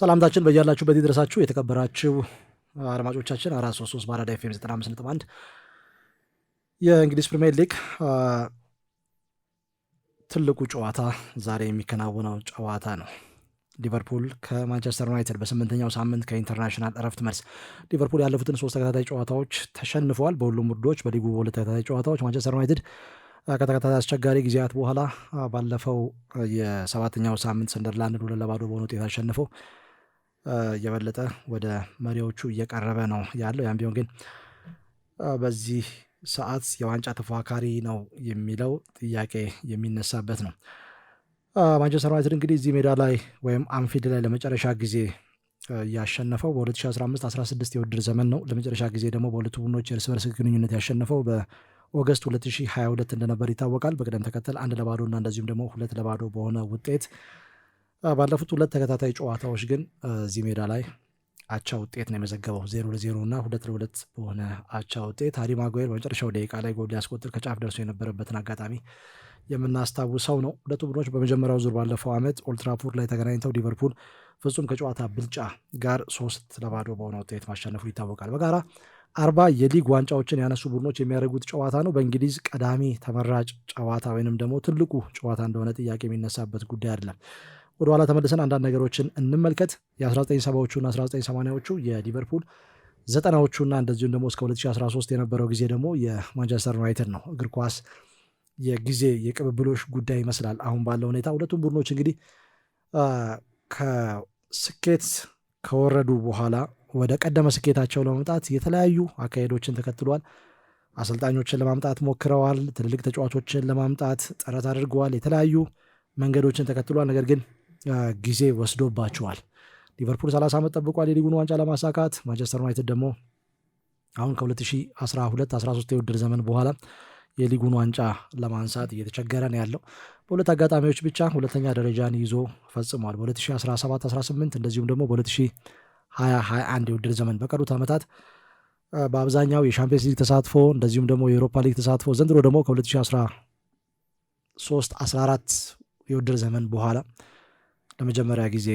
ሰላምታችን በዚህ ድረሳችሁ የተከበራችሁ አድማጮቻችን አራት ሶስት ሶስት በአራዳ ኤፍ ኤም ዘጠና አምስት ነጥብ አንድ የእንግሊዝ ፕሪሚየር ሊግ ትልቁ ጨዋታ ዛሬ የሚከናወነው ጨዋታ ነው። ሊቨርፑል ከማንቸስተር ዩናይትድ በስምንተኛው ሳምንት ከኢንተርናሽናል እረፍት መልስ ሊቨርፑል ያለፉትን ሶስት ተከታታይ ጨዋታዎች ተሸንፈዋል። በሁሉም ውድዶች በሊጉ በሁለት ተከታታይ ጨዋታዎች ማንቸስተር ዩናይትድ ከተከታታይ አስቸጋሪ ጊዜያት በኋላ ባለፈው የሰባተኛው ሳምንት ሰንደርላንድ ሁለት ለባዶ በሆነ ውጤት አሸንፈው እየበለጠ ወደ መሪዎቹ እየቀረበ ነው ያለው። ያም ቢሆን ግን በዚህ ሰዓት የዋንጫ ተፎካካሪ ነው የሚለው ጥያቄ የሚነሳበት ነው። ማንቸስተር ዩናይትድ እንግዲህ እዚህ ሜዳ ላይ ወይም አንፊልድ ላይ ለመጨረሻ ጊዜ ያሸነፈው በ2015/16 የውድድር ዘመን ነው። ለመጨረሻ ጊዜ ደግሞ በሁለቱ ቡድኖች የእርስ በርስ ግንኙነት ያሸነፈው በኦገስት 2022 እንደነበር ይታወቃል። በቅደም ተከተል አንድ ለባዶ እና እንደዚሁም ደግሞ ሁለት ለባዶ በሆነ ውጤት ባለፉት ሁለት ተከታታይ ጨዋታዎች ግን እዚህ ሜዳ ላይ አቻ ውጤት ነው የመዘገበው። ዜሮ ለዜሮ እና ሁለት ለሁለት በሆነ አቻ ውጤት ሃሪ ማጓየር በመጨረሻው ደቂቃ ላይ ጎል ሊያስቆጥር ከጫፍ ደርሶ የነበረበትን አጋጣሚ የምናስታውሰው ነው። ሁለቱ ቡድኖች በመጀመሪያው ዙር ባለፈው ዓመት ኦልትራፎርድ ላይ ተገናኝተው ሊቨርፑል ፍጹም ከጨዋታ ብልጫ ጋር ሶስት ለባዶ በሆነ ውጤት ማሸነፉ ይታወቃል። በጋራ አርባ የሊግ ዋንጫዎችን ያነሱ ቡድኖች የሚያደርጉት ጨዋታ ነው። በእንግሊዝ ቀዳሚ ተመራጭ ጨዋታ ወይንም ደግሞ ትልቁ ጨዋታ እንደሆነ ጥያቄ የሚነሳበት ጉዳይ አይደለም። ወደ ኋላ ተመልሰን አንዳንድ ነገሮችን እንመልከት። የ1970ዎቹና 1980ዎቹ የሊቨርፑል ዘጠናዎቹና እንደዚሁም ደግሞ እስከ 2013 የነበረው ጊዜ ደግሞ የማንቸስተር ዩናይትድ ነው። እግር ኳስ የጊዜ የቅብብሎች ጉዳይ ይመስላል። አሁን ባለው ሁኔታ ሁለቱም ቡድኖች እንግዲህ ከስኬት ከወረዱ በኋላ ወደ ቀደመ ስኬታቸው ለመምጣት የተለያዩ አካሄዶችን ተከትሏል። አሰልጣኞችን ለማምጣት ሞክረዋል። ትልልቅ ተጫዋቾችን ለማምጣት ጥረት አድርገዋል። የተለያዩ መንገዶችን ተከትሏል። ነገር ግን ጊዜ ወስዶባቸዋል። ሊቨርፑል 30 ዓመት ጠብቋል የሊጉን ዋንጫ ለማሳካት። ማንቸስተር ዩናይትድ ደግሞ አሁን ከ2012 13 የውድድር ዘመን በኋላ የሊጉን ዋንጫ ለማንሳት እየተቸገረ ነው ያለው። በሁለት አጋጣሚዎች ብቻ ሁለተኛ ደረጃን ይዞ ፈጽሟል። በ2017 18 እንደዚሁም ደግሞ በ2021 የውድድር ዘመን በቀሩት ዓመታት በአብዛኛው የሻምፒየንስ ሊግ ተሳትፎ እንደዚሁም ደግሞ የአውሮፓ ሊግ ተሳትፎ ዘንድሮ ደግሞ ከ2013 14 የውድድር ዘመን በኋላ ለመጀመሪያ ጊዜ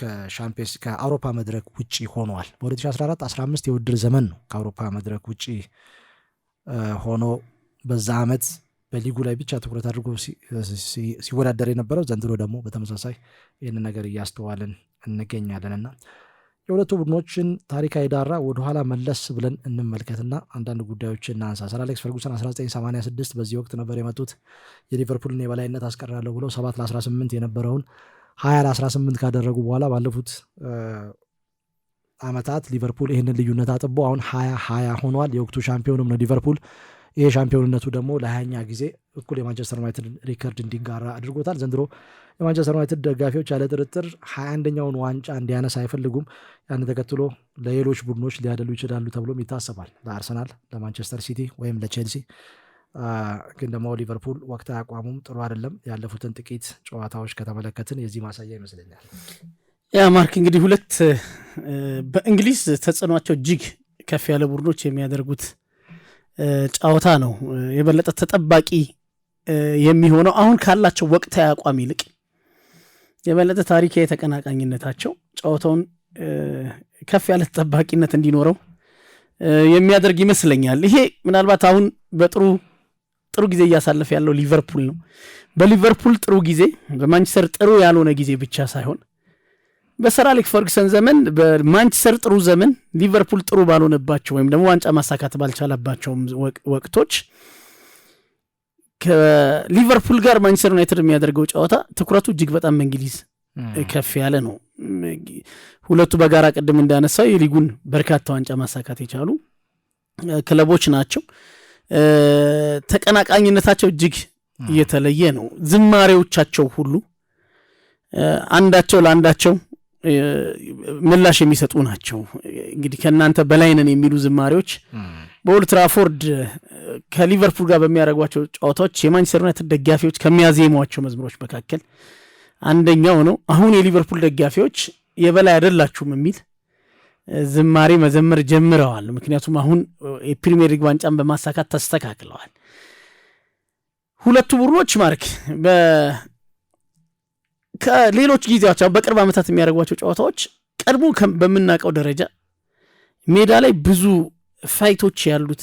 ከሻምፒየንስ ከአውሮፓ መድረክ ውጭ ሆኗል። በ2014 15 የውድድር ዘመን ነው ከአውሮፓ መድረክ ውጭ ሆኖ በዛ ዓመት በሊጉ ላይ ብቻ ትኩረት አድርጎ ሲወዳደር የነበረው ዘንድሮ ደግሞ በተመሳሳይ ይህንን ነገር እያስተዋልን እንገኛለንና የሁለቱ ቡድኖችን ታሪካዊ ዳራ ወደኋላ መለስ ብለን እንመልከትና አንዳንድ ጉዳዮችን እናንሳ። ሰር አሌክስ ፈርጉሰን 1986 በዚህ ወቅት ነበር የመጡት። የሊቨርፑልን የበላይነት አስቀራለሁ ብለው 7 ለ18 የነበረውን 20 ለ18 ካደረጉ በኋላ ባለፉት ዓመታት ሊቨርፑል ይህንን ልዩነት አጥቦ አሁን 20 20 ሆኗል። የወቅቱ ሻምፒዮንም ነው ሊቨርፑል ይሄ ሻምፒዮንነቱ ደግሞ ለሀያኛ ጊዜ እኩል የማንቸስተር ዩናይትድ ሪከርድ እንዲጋራ አድርጎታል። ዘንድሮ የማንቸስተር ዩናይትድ ደጋፊዎች ያለ ጥርጥር ሀያ አንደኛውን ዋንጫ እንዲያነሳ አይፈልጉም። ያን ተከትሎ ለሌሎች ቡድኖች ሊያደሉ ይችላሉ ተብሎም ይታሰባል። ለአርሰናል፣ ለማንቸስተር ሲቲ ወይም ለቼልሲ ግን ደግሞ ሊቨርፑል ወቅት አቋሙም ጥሩ አይደለም። ያለፉትን ጥቂት ጨዋታዎች ከተመለከትን የዚህ ማሳያ ይመስለኛል። ያ ማርክ እንግዲህ ሁለት በእንግሊዝ ተጽዕኗቸው እጅግ ከፍ ያለ ቡድኖች የሚያደርጉት ጨዋታ ነው የበለጠ ተጠባቂ የሚሆነው አሁን ካላቸው ወቅታዊ አቋም ይልቅ የበለጠ ታሪካዊ ተቀናቃኝነታቸው ጨዋታውን ከፍ ያለ ተጠባቂነት እንዲኖረው የሚያደርግ ይመስለኛል። ይሄ ምናልባት አሁን በጥሩ ጥሩ ጊዜ እያሳለፈ ያለው ሊቨርፑል ነው። በሊቨርፑል ጥሩ ጊዜ በማንቸስተር ጥሩ ያልሆነ ጊዜ ብቻ ሳይሆን በሰር አሌክስ ዘመን በማንቸስተር ጥሩ ዘመን ሊቨርፑል ጥሩ ባልሆነባቸው ወይም ደግሞ ዋንጫ ማሳካት ባልቻለባቸውም ወቅቶች ከሊቨርፑል ጋር ማንቸስተር ዩናይትድ የሚያደርገው ጨዋታ ትኩረቱ እጅግ በጣም በእንግሊዝ ከፍ ያለ ነው። ሁለቱ በጋራ ቅድም እንዳነሳው የሊጉን በርካታ ዋንጫ ማሳካት የቻሉ ክለቦች ናቸው። ተቀናቃኝነታቸው እጅግ የተለየ ነው። ዝማሬዎቻቸው ሁሉ አንዳቸው ለአንዳቸው ምላሽ የሚሰጡ ናቸው። እንግዲህ ከእናንተ በላይ ነን የሚሉ ዝማሬዎች በኦልትራፎርድ ትራፎርድ ከሊቨርፑል ጋር በሚያደረጓቸው ጨዋታዎች የማንቸስተር ዩናይትድ ደጋፊዎች ከሚያዜሟቸው መዝሙሮች መካከል አንደኛው ነው። አሁን የሊቨርፑል ደጋፊዎች የበላይ አይደላችሁም የሚል ዝማሬ መዘመር ጀምረዋል። ምክንያቱም አሁን የፕሪሚየር ሊግ ዋንጫን በማሳካት ተስተካክለዋል። ሁለቱ ቡድኖች ማርክ ከሌሎች ጊዜያቸው አሁን በቅርብ ዓመታት የሚያደርጓቸው ጨዋታዎች ቀድሞ በምናውቀው ደረጃ ሜዳ ላይ ብዙ ፋይቶች ያሉት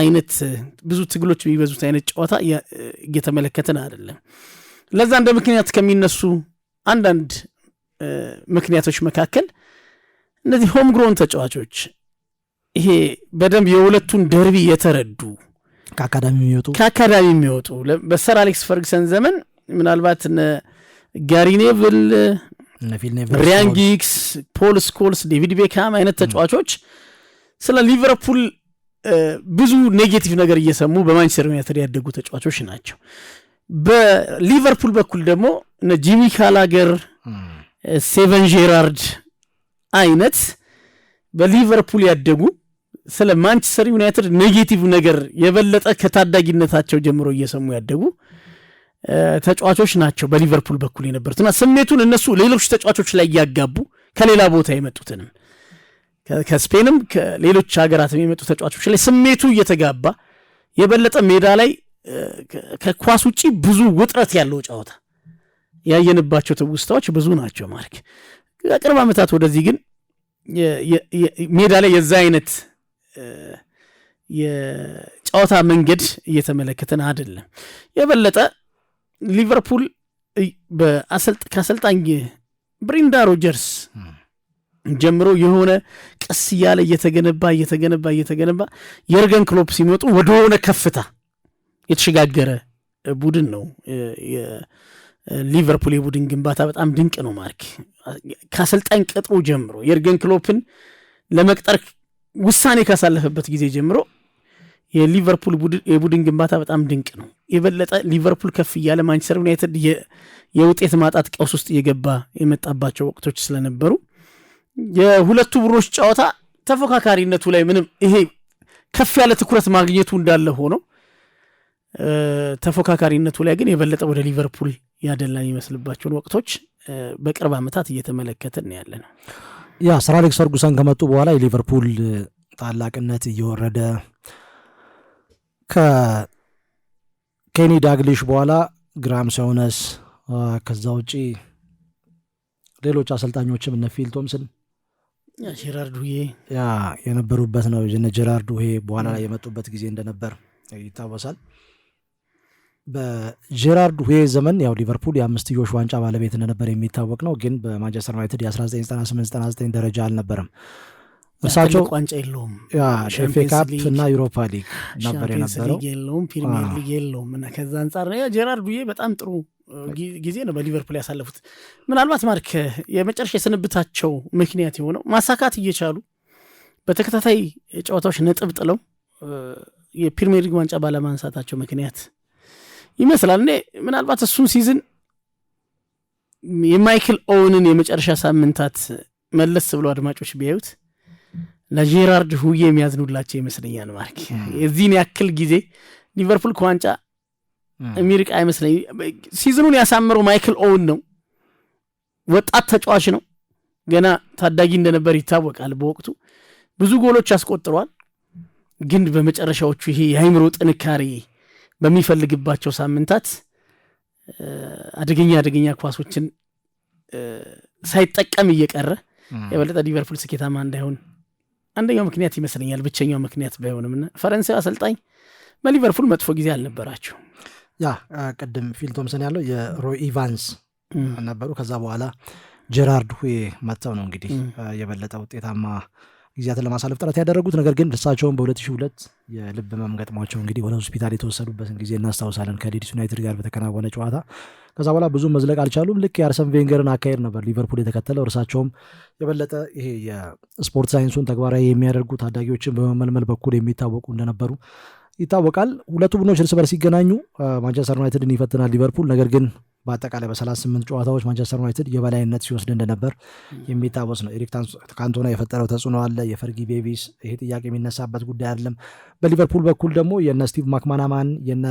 አይነት ብዙ ትግሎች የሚበዙት አይነት ጨዋታ እየተመለከትን አይደለም። ለዛ እንደ ምክንያት ከሚነሱ አንዳንድ ምክንያቶች መካከል እነዚህ ሆም ግሮን ተጫዋቾች ይሄ በደንብ የሁለቱን ደርቢ የተረዱ ከአካዳሚ የሚወጡ ከአካዳሚ የሚወጡ በሰር አሌክስ ፈርግሰን ዘመን ምናልባት ጋሪ ኔቭል፣ ሪያን ጊክስ ፖል ስኮልስ፣ ዴቪድ ቤካም አይነት ተጫዋቾች ስለ ሊቨርፑል ብዙ ኔጌቲቭ ነገር እየሰሙ በማንቸስተር ዩናይትድ ያደጉ ተጫዋቾች ናቸው። በሊቨርፑል በኩል ደግሞ ጂሚ ካላገር፣ ሴቨን ጄራርድ አይነት በሊቨርፑል ያደጉ ስለ ማንቸስተር ዩናይትድ ኔጌቲቭ ነገር የበለጠ ከታዳጊነታቸው ጀምሮ እየሰሙ ያደጉ ተጫዋቾች ናቸው በሊቨርፑል በኩል የነበሩት እና ስሜቱን እነሱ ሌሎች ተጫዋቾች ላይ እያጋቡ ከሌላ ቦታ የመጡትንም ከስፔንም ከሌሎች ሀገራትም የመጡ ተጫዋቾች ላይ ስሜቱ እየተጋባ የበለጠ ሜዳ ላይ ከኳስ ውጪ ብዙ ውጥረት ያለው ጨዋታ ያየንባቸው ትውስታዎች ብዙ ናቸው። ማርክ ከቅርብ ዓመታት ወደዚህ ግን ሜዳ ላይ የዛ አይነት የጨዋታ መንገድ እየተመለከተን አይደለም የበለጠ ሊቨርፑል ከአሰልጣኝ ብሪንዳ ሮጀርስ ጀምሮ የሆነ ቀስ እያለ እየተገነባ እየተገነባ እየተገነባ የርገን ክሎፕ ሲመጡ ወደሆነ ከፍታ የተሸጋገረ ቡድን ነው። ሊቨርፑል የቡድን ግንባታ በጣም ድንቅ ነው። ማርክ ከአሰልጣኝ ቀጥሮ ጀምሮ የርገን ክሎፕን ለመቅጠር ውሳኔ ካሳለፈበት ጊዜ ጀምሮ የሊቨርፑል የቡድን ግንባታ በጣም ድንቅ ነው። የበለጠ ሊቨርፑል ከፍ እያለ ማንቸስተር ዩናይትድ የውጤት ማጣት ቀውስ ውስጥ እየገባ የመጣባቸው ወቅቶች ስለነበሩ የሁለቱ ቡድኖች ጨዋታ ተፎካካሪነቱ ላይ ምንም ይሄ ከፍ ያለ ትኩረት ማግኘቱ እንዳለ ሆኖ ተፎካካሪነቱ ላይ ግን የበለጠ ወደ ሊቨርፑል ያደላን ይመስልባቸውን ወቅቶች በቅርብ ዓመታት እየተመለከትን ያለ ነው። ያ ሰር አሌክስ ፈርጉሰን ከመጡ በኋላ የሊቨርፑል ታላቅነት እየወረደ ከኬኒ ዳግሊሽ በኋላ ግራም ሰውነስ ከዛ ውጪ ሌሎች አሰልጣኞችም እነ ፊል ቶምስን ጀራርድ ውዬ ያ የነበሩበት ነው። እነ ጀራርድ ውሄ በኋላ ላይ የመጡበት ጊዜ እንደነበር ይታወሳል። በጀራርድ ሁዌ ዘመን ያው ሊቨርፑል የአምስትዮሽ ዋንጫ ባለቤት እንደነበር የሚታወቅ ነው። ግን በማንቸስተር ዩናይትድ የ1998/99 ደረጃ አልነበረም። እሳቸው ቋንጫ የለውም። ኤፍ ካፕ እና ዩሮፓ ሊግ ነበር የነበረው፣ የለውም ፕሪሚየር ሊግ የለውም። እና ከዛ አንጻር ጄራርድ ቡዬ በጣም ጥሩ ጊዜ ነው በሊቨርፑል ያሳለፉት። ምናልባት ማርክ የመጨረሻ የስንብታቸው ምክንያት የሆነው ማሳካት እየቻሉ በተከታታይ ጨዋታዎች ነጥብ ጥለው የፕሪሚየር ሊግ ዋንጫ ባለማንሳታቸው ምክንያት ይመስላል። እኔ ምናልባት እሱን ሲዝን የማይክል ኦውንን የመጨረሻ ሳምንታት መለስ ብሎ አድማጮች ቢያዩት ለጄራርድ ሁዬ የሚያዝኑላቸው ይመስለኛል። ማርክ የዚህን ያክል ጊዜ ሊቨርፑል ከዋንጫ የሚርቅ አይመስለኝ። ሲዝኑን ያሳምረው ማይክል ኦውን ነው። ወጣት ተጫዋች ነው። ገና ታዳጊ እንደነበር ይታወቃል። በወቅቱ ብዙ ጎሎች አስቆጥሯል። ግን በመጨረሻዎቹ ይሄ የአይምሮ ጥንካሬ በሚፈልግባቸው ሳምንታት አደገኛ አደገኛ ኳሶችን ሳይጠቀም እየቀረ የበለጠ ሊቨርፑል ስኬታማ እንዳይሆን አንደኛው ምክንያት ይመስለኛል ብቸኛው ምክንያት ባይሆንም ፈረንሳዊ አሰልጣኝ በሊቨርፑል መጥፎ ጊዜ አልነበራቸው። ያ ቅድም ፊል ቶምሰን ያለው የሮይ ኢቫንስ ነበሩ። ከዛ በኋላ ጀራርድ ሁዬ መጥተው ነው እንግዲህ የበለጠ ውጤታማ ጊዜያትን ለማሳለፍ ጥረት ያደረጉት ነገር ግን እርሳቸውን በ2002 የልብ ህመም ገጥሟቸው እንግዲህ ወደ ሆስፒታል የተወሰዱበትን ጊዜ እናስታውሳለን ከሊድስ ዩናይትድ ጋር በተከናወነ ጨዋታ። ከዛ በኋላ ብዙ መዝለቅ አልቻሉም። ልክ የአርሰን ቬንገርን አካሄድ ነበር ሊቨርፑል የተከተለው። እርሳቸውም የበለጠ ይሄ የስፖርት ሳይንሱን ተግባራዊ የሚያደርጉ ታዳጊዎችን በመመልመል በኩል የሚታወቁ እንደነበሩ ይታወቃል። ሁለቱ ቡድኖች እርስ በርስ ሲገናኙ ማንቸስተር ዩናይትድን ይፈትናል ሊቨርፑል ነገር ግን በአጠቃላይ በ38 ጨዋታዎች ማንቸስተር ዩናይትድ የበላይነት ሲወስድ እንደነበር የሚታወስ ነው። ኤሪክ ካንቶና የፈጠረው ተጽዕኖ አለ። የፈርጊ ቤቢስ ይሄ ጥያቄ የሚነሳበት ጉዳይ አይደለም። በሊቨርፑል በኩል ደግሞ የነ ስቲቭ ማክማናማን የነ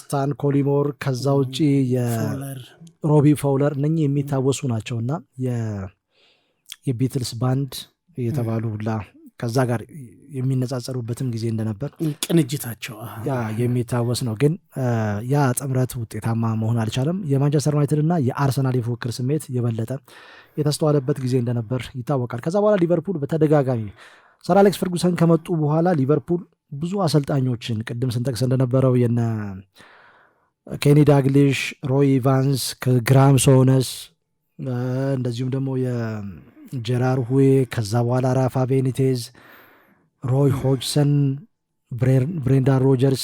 ስታን ኮሊሞር ከዛ ውጭ የሮቢ ፎውለር እነ የሚታወሱ ናቸው እና የቢትልስ ባንድ የተባሉ ሁላ ከዛ ጋር የሚነጻጸሩበትም ጊዜ እንደነበር ቅንጅታቸው የሚታወስ ነው። ግን ያ ጥምረት ውጤታማ መሆን አልቻለም። የማንቸስተር ዩናይትድ እና የአርሰናል የፉክክር ስሜት የበለጠ የተስተዋለበት ጊዜ እንደነበር ይታወቃል። ከዛ በኋላ ሊቨርፑል በተደጋጋሚ ሰር አሌክስ ፈርጉሰን ከመጡ በኋላ ሊቨርፑል ብዙ አሰልጣኞችን ቅድም ስንጠቅስ እንደነበረው የነ ኬኒ ዳግሊሽ፣ ሮይ ቫንስ ግራም ሶነስ እንደዚሁም ደግሞ ጀራር ሁዌ፣ ከዛ በኋላ ራፋ ቤኒቴዝ፣ ሮይ ሆጅሰን፣ ብሬንዳን ሮጀርስ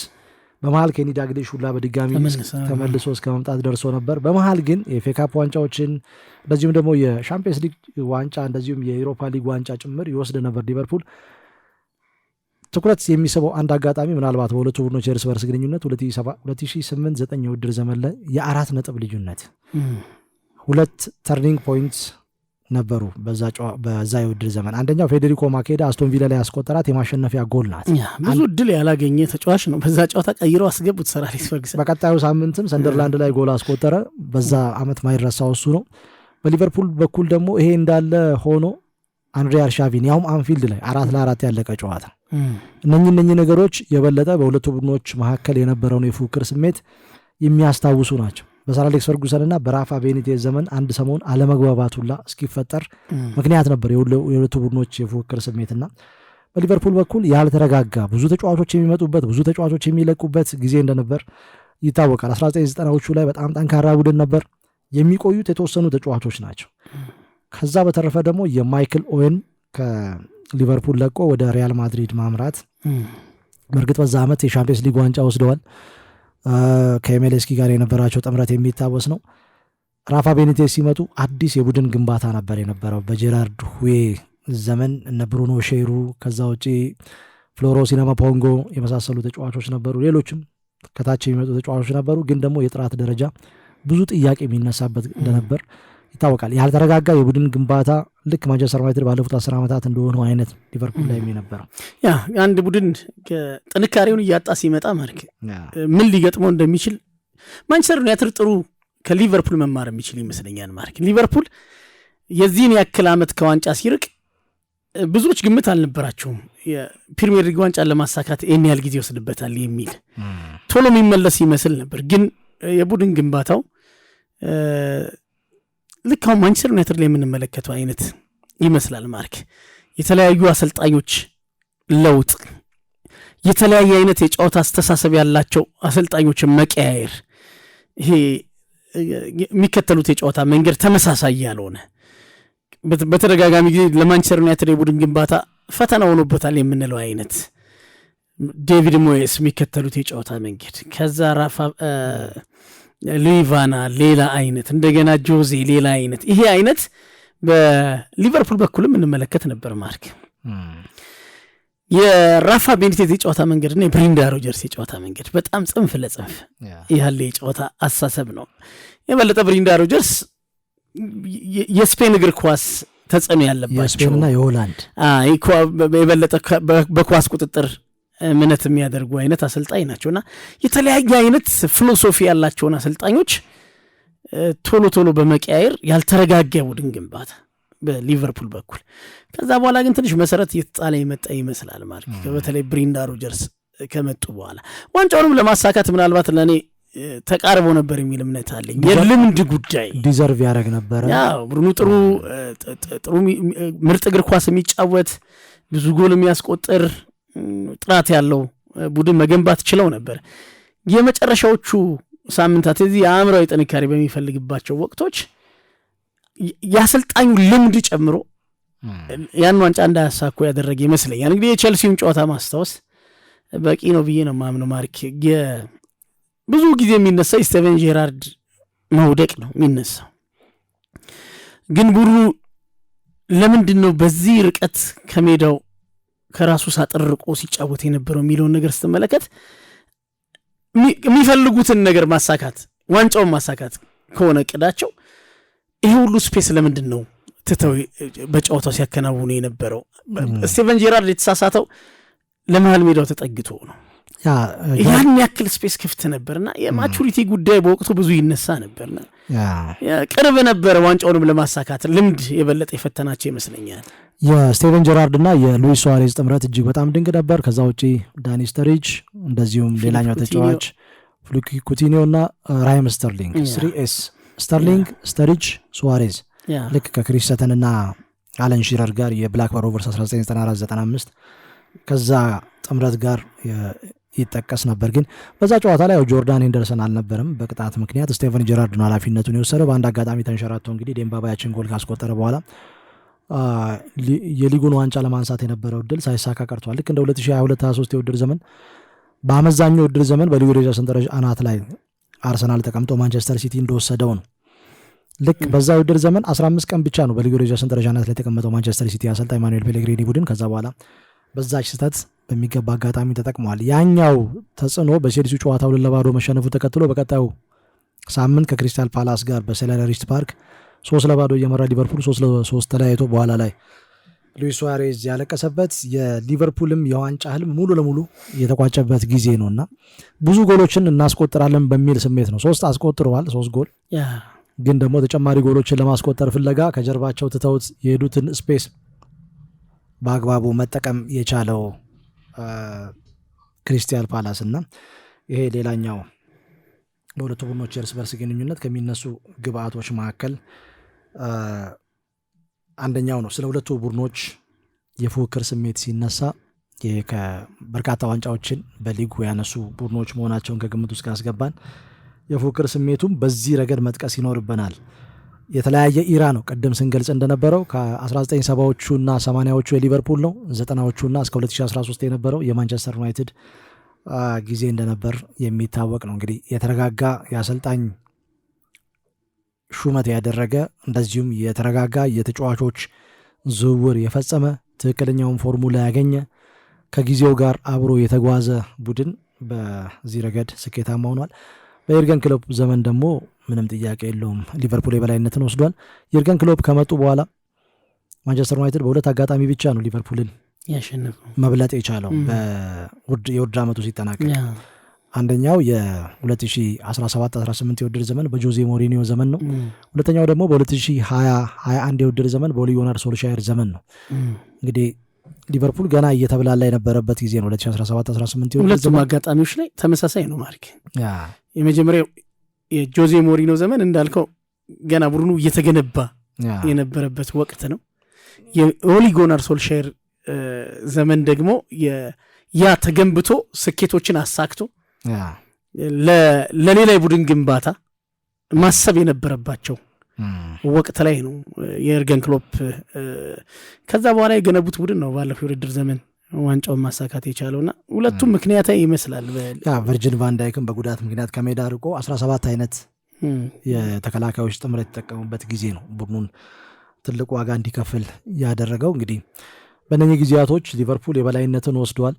በመሀል ኬኒ ዳግሊሽ ሁላ በድጋሚ ተመልሶ እስከ መምጣት ደርሶ ነበር። በመሀል ግን የፌካፕ ዋንጫዎችን እንደዚሁም ደግሞ የሻምፒየንስ ሊግ ዋንጫ እንደዚሁም የኤሮፓ ሊግ ዋንጫ ጭምር ይወስድ ነበር ሊቨርፑል። ትኩረት የሚስበው አንድ አጋጣሚ ምናልባት በሁለቱ ቡድኖች የእርስ በርስ ግንኙነት 2008/9 የውድድር ዘመን ላይ የአራት ነጥብ ልዩነት ሁለት ተርኒንግ ፖይንትስ ነበሩ በዛ የውድድር ዘመን። አንደኛው ፌዴሪኮ ማኬዳ አስቶን ቪላ ላይ ያስቆጠራት የማሸነፊያ ጎል ናት። ብዙ እድል ያላገኘ ተጫዋች ነው። በዛ ጨዋታ ቀይረው አስገቡት ሰር አሌክስ ፈርግሰን። በቀጣዩ ሳምንትም ሰንደርላንድ ላይ ጎል አስቆጠረ። በዛ አመት ማይረሳው እሱ ነው። በሊቨርፑል በኩል ደግሞ ይሄ እንዳለ ሆኖ አንድሬ አርሻቪን ያውም አንፊልድ ላይ አራት ለአራት ያለቀ ጨዋታ እነኚህ እነኚህ ነገሮች የበለጠ በሁለቱ ቡድኖች መካከል የነበረውን የፉክክር ስሜት የሚያስታውሱ ናቸው። በሰር አሌክስ ፈርጉሰንና በራፋ ቤኒቴ ዘመን አንድ ሰሞን አለመግባባቱላ እስኪፈጠር ምክንያት ነበር የሁለቱ ቡድኖች የፉክክር ስሜትና በሊቨርፑል በኩል ያልተረጋጋ ብዙ ተጫዋቾች የሚመጡበት ብዙ ተጫዋቾች የሚለቁበት ጊዜ እንደነበር ይታወቃል። 1990ዎቹ ላይ በጣም ጠንካራ ቡድን ነበር። የሚቆዩት የተወሰኑ ተጫዋቾች ናቸው። ከዛ በተረፈ ደግሞ የማይክል ኦዌን ከሊቨርፑል ለቆ ወደ ሪያል ማድሪድ ማምራት በእርግጥ በዛ ዓመት የሻምፒየንስ ሊግ ዋንጫ ወስደዋል። ከሜሌስኪ ጋር የነበራቸው ጥምረት የሚታወስ ነው። ራፋ ቤኒቴስ ሲመጡ አዲስ የቡድን ግንባታ ነበር የነበረው። በጀራርድ ሁዌ ዘመን እነ ብሩኖ ሼሩ፣ ከዛ ውጪ ፍሎሮ ሲነማ ፖንጎ የመሳሰሉ ተጫዋቾች ነበሩ። ሌሎችም ከታች የሚመጡ ተጫዋቾች ነበሩ። ግን ደግሞ የጥራት ደረጃ ብዙ ጥያቄ የሚነሳበት እንደነበር ይታወቃል። ያልተረጋጋ የቡድን ግንባታ ልክ ማንቸስተር ዩናይትድ ባለፉት አስር ዓመታት እንደሆነ አይነት ሊቨርፑል ላይ የነበረው ያ አንድ ቡድን ጥንካሬውን እያጣ ሲመጣ መልክ ምን ሊገጥመው እንደሚችል ማንቸስተር ዩናይትድ ጥሩ ከሊቨርፑል መማር የሚችል ይመስለኛል። ማርክ ሊቨርፑል የዚህን ያክል ዓመት ከዋንጫ ሲርቅ ብዙዎች ግምት አልነበራቸውም። የፕሪሚየር ሊግ ዋንጫን ለማሳካት ይህን ያህል ጊዜ ይወስድበታል የሚል ቶሎ የሚመለስ ይመስል ነበር። ግን የቡድን ግንባታው ልክ አሁን ማንቸስተር ዩናይትድ ላይ የምንመለከተው አይነት ይመስላል። ማርክ የተለያዩ አሰልጣኞች ለውጥ፣ የተለያየ አይነት የጨዋታ አስተሳሰብ ያላቸው አሰልጣኞችን መቀያየር፣ ይሄ የሚከተሉት የጨዋታ መንገድ ተመሳሳይ ያልሆነ በተደጋጋሚ ጊዜ ለማንቸስተር ዩናይትድ የቡድን ግንባታ ፈተና ሆኖበታል የምንለው አይነት ዴቪድ ሞየስ የሚከተሉት የጨዋታ መንገድ ከዛ ራፋ ሉይቫና ሌላ አይነት፣ እንደገና ጆዜ ሌላ አይነት። ይሄ አይነት በሊቨርፑል በኩልም እንመለከት ነበር። ማርክ የራፋ ቤኒቴዝ የጨዋታ መንገድ እና የብሪንዳ ሮጀርስ የጨዋታ መንገድ በጣም ጽንፍ ለጽንፍ ያለ የጨዋታ አሳሰብ ነው። የበለጠ ብሪንዳ ሮጀርስ የስፔን እግር ኳስ ተጽዕኖ ያለባቸው የሆላንድ የበለጠ በኳስ ቁጥጥር እምነት የሚያደርጉ አይነት አሰልጣኝ ናቸውና የተለያየ አይነት ፊሎሶፊ ያላቸውን አሰልጣኞች ቶሎ ቶሎ በመቀያየር ያልተረጋጋ ቡድን ግንባታ በሊቨርፑል በኩል ከዛ በኋላ ግን ትንሽ መሰረት እየተጣለ የመጣ ይመስላል። ማለት በተለይ ብሪንዳ ሮጀርስ ከመጡ በኋላ ዋንጫውንም ለማሳካት ምናልባት ለእኔ ተቃርቦ ነበር የሚል እምነት አለኝ። የልምድ ጉዳይ ዲዘርቭ ያደረግ ነበረ። ቡድኑ ጥሩ ጥሩ ምርጥ እግር ኳስ የሚጫወት ብዙ ጎል የሚያስቆጥር ጥራት ያለው ቡድን መገንባት ችለው ነበር። የመጨረሻዎቹ ሳምንታት የዚህ የአእምራዊ ጥንካሬ በሚፈልግባቸው ወቅቶች የአሰልጣኙ ልምድ ጨምሮ ያን ዋንጫ እንዳያሳኩ ያደረገ ይመስለኛል። እንግዲህ የቼልሲውን ጨዋታ ማስታወስ በቂ ነው ብዬ ነው ማምነው። ማርክ ብዙ ጊዜ የሚነሳ የስቴቨን ጄራርድ መውደቅ ነው የሚነሳው፣ ግን ቡድኑ ለምንድን ነው በዚህ ርቀት ከሜዳው ከራሱ ሳጠርቆ ሲጫወት የነበረው የሚለውን ነገር ስትመለከት የሚፈልጉትን ነገር ማሳካት ዋንጫውን ማሳካት ከሆነ ቅዳቸው ይሄ ሁሉ ስፔስ ለምንድን ነው ትተው በጨዋታው ሲያከናውኑ የነበረው? ስቴቨን ጄራርድ የተሳሳተው ለመሃል ሜዳው ተጠግቶ ነው። ያን ያክል ስፔስ ክፍት ነበርና የማቹሪቲ ጉዳይ በወቅቱ ብዙ ይነሳ ነበርና ቅርብ ነበረ ዋንጫውንም ለማሳካት ልምድ የበለጠ የፈተናቸው ይመስለኛል። የስቴቨን ጀራርድ እና የሉዊስ ሱዋሬዝ ጥምረት እጅግ በጣም ድንቅ ነበር። ከዛ ውጪ ዳኒ ስተሪጅ፣ እንደዚሁም ሌላኛው ተጫዋች ፍሉኪ ኩቲኒዮ እና ራይም ስተርሊንግ ስሪ ኤስ ስተርሊንግ፣ ስተሪጅ፣ ሱዋሬዝ ልክ ሰተን እና አለን ሺረር ጋር የብላክበሮቨርስ 1994/95 ከዛ ጥምረት ጋር ይጠቀስ ነበር። ግን በዛ ጨዋታ ላይ ጆርዳን ሄንደርሰን አልነበረም በቅጣት ምክንያት ስቴቨን ጀራርድን ኃላፊነቱን የወሰደው። በአንድ አጋጣሚ ተንሸራቶ እንግዲህ ዴምባባያችን ጎል ካስቆጠረ በኋላ የሊጉን ዋንጫ ለማንሳት የነበረው እድል ሳይሳካ ቀርቷል። ልክ እንደ 2022/23 የውድድር ዘመን በአመዛኛው የውድድር ዘመን በሊጉ ደረጃ ሰንጠረዥ አናት ላይ አርሰናል ተቀምጦ ማንቸስተር ሲቲ እንደወሰደው ነው። ልክ በዛ ውድድር ዘመን 15 ቀን ብቻ ነው በሊጉ ደረጃ ሰንጠረዥ አናት ላይ የተቀመጠው ማንቸስተር ሲቲ አሰልጣኝ ማኑኤል ፔሌግሪኒ ቡድን ከዛ በኋላ በዛች ስህተት በሚገባ አጋጣሚ ተጠቅመዋል። ያኛው ተጽዕኖ በቼልሲው ጨዋታ ሁለት ለባዶ መሸነፉ ተከትሎ በቀጣዩ ሳምንት ከክሪስታል ፓላስ ጋር በሴልኸርስት ፓርክ ሶስት ለባዶ እየመራ ሊቨርፑል ሶስት ለሶስት ተለያይቶ በኋላ ላይ ሉዊስ ሱዋሬዝ ያለቀሰበት የሊቨርፑልም የዋንጫ ህልም ሙሉ ለሙሉ የተቋጨበት ጊዜ ነው እና ብዙ ጎሎችን እናስቆጥራለን በሚል ስሜት ነው። ሶስት አስቆጥረዋል፣ ሶስት ጎል ግን ደግሞ ተጨማሪ ጎሎችን ለማስቆጠር ፍለጋ ከጀርባቸው ትተውት የሄዱትን ስፔስ በአግባቡ መጠቀም የቻለው ክሪስታል ፓላስ እና ይሄ ሌላኛው በሁለቱ ቡድኖች የእርስ በርስ ግንኙነት ከሚነሱ ግብአቶች መካከል አንደኛው ነው። ስለ ሁለቱ ቡድኖች የፉክክር ስሜት ሲነሳ በርካታ ዋንጫዎችን በሊጉ ያነሱ ቡድኖች መሆናቸውን ከግምት ውስጥ ካስገባን የፉክክር ስሜቱም በዚህ ረገድ መጥቀስ ይኖርብናል። የተለያየ ኢራ ነው። ቅድም ስንገልጽ እንደነበረው ከ1970ዎቹ እና 80ዎቹ የሊቨርፑል ነው። 90ዎቹ እና እስከ 2013 የነበረው የማንቸስተር ዩናይትድ ጊዜ እንደነበር የሚታወቅ ነው። እንግዲህ የተረጋጋ የአሰልጣኝ ሹመት ያደረገ እንደዚሁም የተረጋጋ የተጫዋቾች ዝውውር የፈጸመ ትክክለኛውን ፎርሙላ ያገኘ ከጊዜው ጋር አብሮ የተጓዘ ቡድን በዚህ ረገድ ስኬታማ ሆኗል። በኤርገን ክለብ ዘመን ደግሞ ምንም ጥያቄ የለውም። ሊቨርፑል የበላይነትን ወስዷል። የርገን ክሎፕ ከመጡ በኋላ ማንቸስተር ዩናይትድ በሁለት አጋጣሚ ብቻ ነው ሊቨርፑልን መብለጥ የቻለው የውድድር ዓመቱ ሲጠናቀቅ። አንደኛው የ2017/18 የውድድር ዘመን በጆዜ ሞሪኒዮ ዘመን ነው። ሁለተኛው ደግሞ በ 2021 21 የውድድር ዘመን በኦሊ ዮናር ሶልሻየር ዘመን ነው። እንግዲህ ሊቨርፑል ገና እየተብላላ የነበረበት ጊዜ ነው። 2017/18 ሁለቱም አጋጣሚዎች ላይ ተመሳሳይ ነው። ማሪክ የመጀመሪያው የጆዜ ሞሪኖ ዘመን እንዳልከው ገና ቡድኑ እየተገነባ የነበረበት ወቅት ነው። የኦሊጎናር ሶልሻር ዘመን ደግሞ ያ ተገንብቶ ስኬቶችን አሳክቶ ለሌላ የቡድን ግንባታ ማሰብ የነበረባቸው ወቅት ላይ ነው የእርገን ክሎፕ ከዛ በኋላ የገነቡት ቡድን ነው ባለፈው የውድድር ዘመን ዋንጫውን ማሳካት የቻለው እና ሁለቱም ምክንያት ይመስላል። ቨርጅን ቫንዳይክን በጉዳት ምክንያት ከሜዳ ርቆ 17 አይነት የተከላካዮች ጥምረት የተጠቀሙበት ጊዜ ነው ቡድኑን ትልቅ ዋጋ እንዲከፍል ያደረገው። እንግዲህ በእነኚህ ጊዜያቶች ሊቨርፑል የበላይነትን ወስዷል፣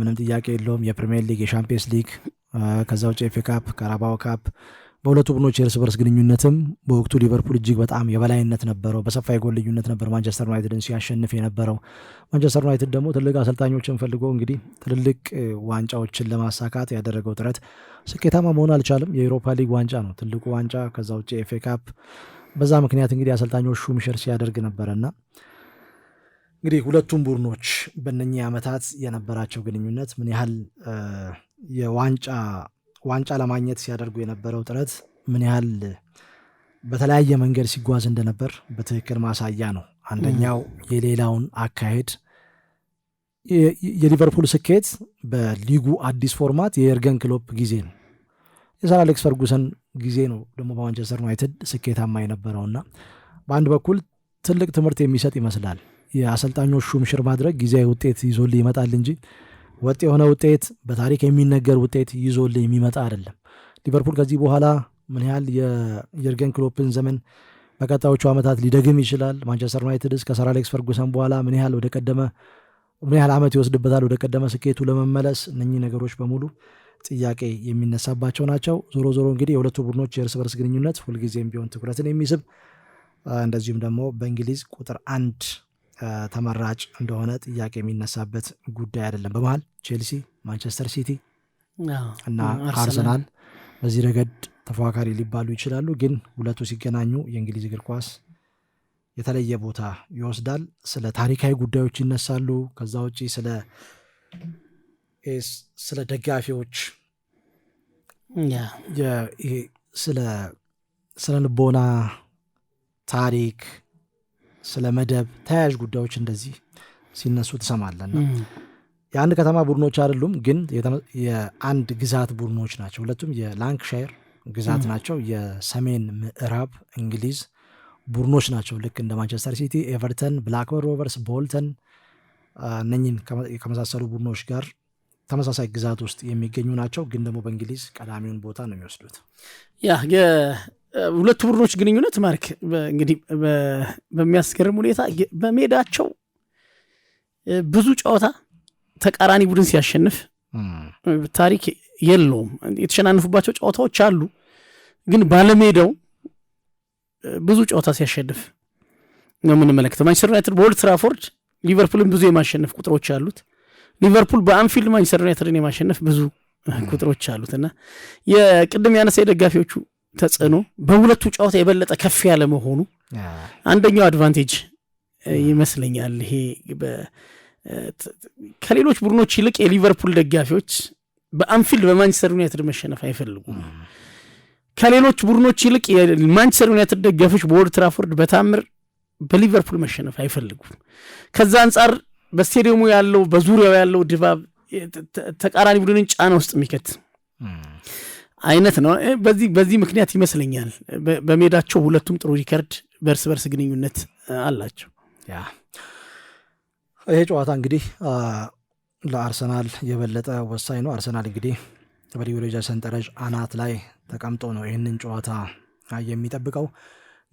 ምንም ጥያቄ የለውም። የፕሪሚየር ሊግ፣ የሻምፒየንስ ሊግ ከዛ ውጭ ኤፌ ካፕ፣ ካራባው ካፕ በሁለቱ ቡድኖች የእርስ በርስ ግንኙነትም በወቅቱ ሊቨርፑል እጅግ በጣም የበላይነት ነበረው። በሰፋ የጎል ልዩነት ነበር ማንቸስተር ዩናይትድን ሲያሸንፍ የነበረው። ማንቸስተር ዩናይትድ ደግሞ ትልቅ አሰልጣኞችን ፈልጎ እንግዲህ ትልልቅ ዋንጫዎችን ለማሳካት ያደረገው ጥረት ስኬታማ መሆን አልቻለም። የኤሮፓ ሊግ ዋንጫ ነው ትልቁ ዋንጫ፣ ከዛ ውጭ ኤፍ ኤ ካፕ። በዛ ምክንያት እንግዲህ አሰልጣኞች ሹምሽር ሲያደርግ ነበረና እንግዲህ ሁለቱም ቡድኖች በእነኚህ ዓመታት የነበራቸው ግንኙነት ምን ያህል የዋንጫ ዋንጫ ለማግኘት ሲያደርጉ የነበረው ጥረት ምን ያህል በተለያየ መንገድ ሲጓዝ እንደነበር በትክክል ማሳያ ነው። አንደኛው የሌላውን አካሄድ የሊቨርፑል ስኬት በሊጉ አዲስ ፎርማት የኤርገን ክሎፕ ጊዜ ነው። የሰር አሌክስ ፈርጉሰን ጊዜ ነው ደግሞ በማንቸስተር ዩናይትድ ስኬታማ የነበረውና በአንድ በኩል ትልቅ ትምህርት የሚሰጥ ይመስላል። የአሰልጣኞች ሹምሽር ማድረግ ጊዜያዊ ውጤት ይዞል ይመጣል እንጂ ወጥ የሆነ ውጤት በታሪክ የሚነገር ውጤት ይዞልህ የሚመጣ አይደለም። ሊቨርፑል ከዚህ በኋላ ምን ያህል የዩርገን ክሎፕን ዘመን በቀጣዮቹ ዓመታት ሊደግም ይችላል? ማንቸስተር ዩናይትድስ ከሰር አሌክስ ፈርጉሰን በኋላ ምን ያህል ወደ ቀደመ ምን ያህል ዓመት ይወስድበታል ወደ ቀደመ ስኬቱ ለመመለስ? እነኚህ ነገሮች በሙሉ ጥያቄ የሚነሳባቸው ናቸው። ዞሮ ዞሮ እንግዲህ የሁለቱ ቡድኖች የእርስ በርስ ግንኙነት ሁልጊዜም ቢሆን ትኩረትን የሚስብ እንደዚሁም ደግሞ በእንግሊዝ ቁጥር አንድ ተመራጭ እንደሆነ ጥያቄ የሚነሳበት ጉዳይ አይደለም። በመሀል ቼልሲ፣ ማንቸስተር ሲቲ እና አርሰናል በዚህ ረገድ ተፎካካሪ ሊባሉ ይችላሉ። ግን ሁለቱ ሲገናኙ የእንግሊዝ እግር ኳስ የተለየ ቦታ ይወስዳል። ስለ ታሪካዊ ጉዳዮች ይነሳሉ። ከዛ ውጭ ስለ ስለ ደጋፊዎች ስለ ስነ ልቦና ታሪክ ስለ መደብ ተያያዥ ጉዳዮች እንደዚህ ሲነሱ ትሰማለና የአንድ ከተማ ቡድኖች አይደሉም፣ ግን የአንድ ግዛት ቡድኖች ናቸው። ሁለቱም የላንክሻር ግዛት ናቸው። የሰሜን ምዕራብ እንግሊዝ ቡድኖች ናቸው። ልክ እንደ ማንቸስተር ሲቲ፣ ኤቨርተን፣ ብላክበር ሮቨርስ፣ ቦልተን እነኝን ከመሳሰሉ ቡድኖች ጋር ተመሳሳይ ግዛት ውስጥ የሚገኙ ናቸው። ግን ደግሞ በእንግሊዝ ቀዳሚውን ቦታ ነው የሚወስዱት ያ ሁለቱ ቡድኖች ግንኙነት ማርክ እንግዲህ በሚያስገርም ሁኔታ በሜዳቸው ብዙ ጨዋታ ተቃራኒ ቡድን ሲያሸንፍ ታሪክ የለውም። የተሸናነፉባቸው ጨዋታዎች አሉ፣ ግን ባለሜዳው ብዙ ጨዋታ ሲያሸንፍ ነው የምንመለከተው። ማንቸስተር ዩናይትድ በኦልድ ትራፎርድ ሊቨርፑልን ብዙ የማሸነፍ ቁጥሮች አሉት። ሊቨርፑል በአንፊልድ ማንቸስተር ዩናይትድን የማሸነፍ ብዙ ቁጥሮች አሉት እና የቅድም ያነሳ የደጋፊዎቹ ተጽዕኖ በሁለቱ ጨዋታ የበለጠ ከፍ ያለ መሆኑ አንደኛው አድቫንቴጅ ይመስለኛል። ይሄ ከሌሎች ቡድኖች ይልቅ የሊቨርፑል ደጋፊዎች በአንፊልድ በማንቸስተር ዩናይትድ መሸነፍ አይፈልጉም። ከሌሎች ቡድኖች ይልቅ የማንቸስተር ዩናይትድ ደጋፊዎች በኦልድ ትራፎርድ በታምር በሊቨርፑል መሸነፍ አይፈልጉም። ከዛ አንጻር በስቴዲየሙ ያለው በዙሪያው ያለው ድባብ ተቃራኒ ቡድንን ጫና ውስጥ የሚከት አይነት ነው። በዚህ በዚህ ምክንያት ይመስለኛል በሜዳቸው ሁለቱም ጥሩ ሪከርድ በእርስ በርስ ግንኙነት አላቸው። ይሄ ጨዋታ እንግዲህ ለአርሰናል የበለጠ ወሳኝ ነው። አርሰናል እንግዲህ በልዩ ደረጃ ሰንጠረዥ አናት ላይ ተቀምጦ ነው ይህንን ጨዋታ የሚጠብቀው።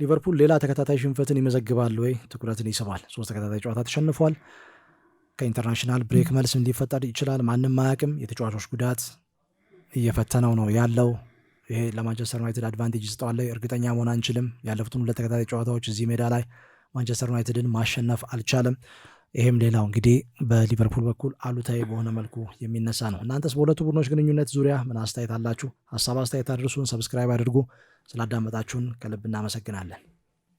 ሊቨርፑል ሌላ ተከታታይ ሽንፈትን ይመዘግባል ወይ? ትኩረትን ይስባል። ሶስት ተከታታይ ጨዋታ ተሸንፏል። ከኢንተርናሽናል ብሬክ መልስ እንዲፈጠር ይችላል። ማንም አያውቅም። የተጫዋቾች ጉዳት እየፈተነው ነው ያለው። ይሄ ለማንቸስተር ዩናይትድ አድቫንቴጅ ይስጠዋል፣ እርግጠኛ መሆን አንችልም። ያለፉትን ሁለት ተከታታይ ጨዋታዎች እዚህ ሜዳ ላይ ማንቸስተር ዩናይትድን ማሸነፍ አልቻለም። ይሄም ሌላው እንግዲህ በሊቨርፑል በኩል አሉታዊ በሆነ መልኩ የሚነሳ ነው። እናንተስ በሁለቱ ቡድኖች ግንኙነት ዙሪያ ምን አስተያየት አላችሁ? ሀሳብ አስተያየት አድርሱን። ሰብስክራይብ አድርጉ። ስላዳመጣችሁን ከልብ እናመሰግናለን።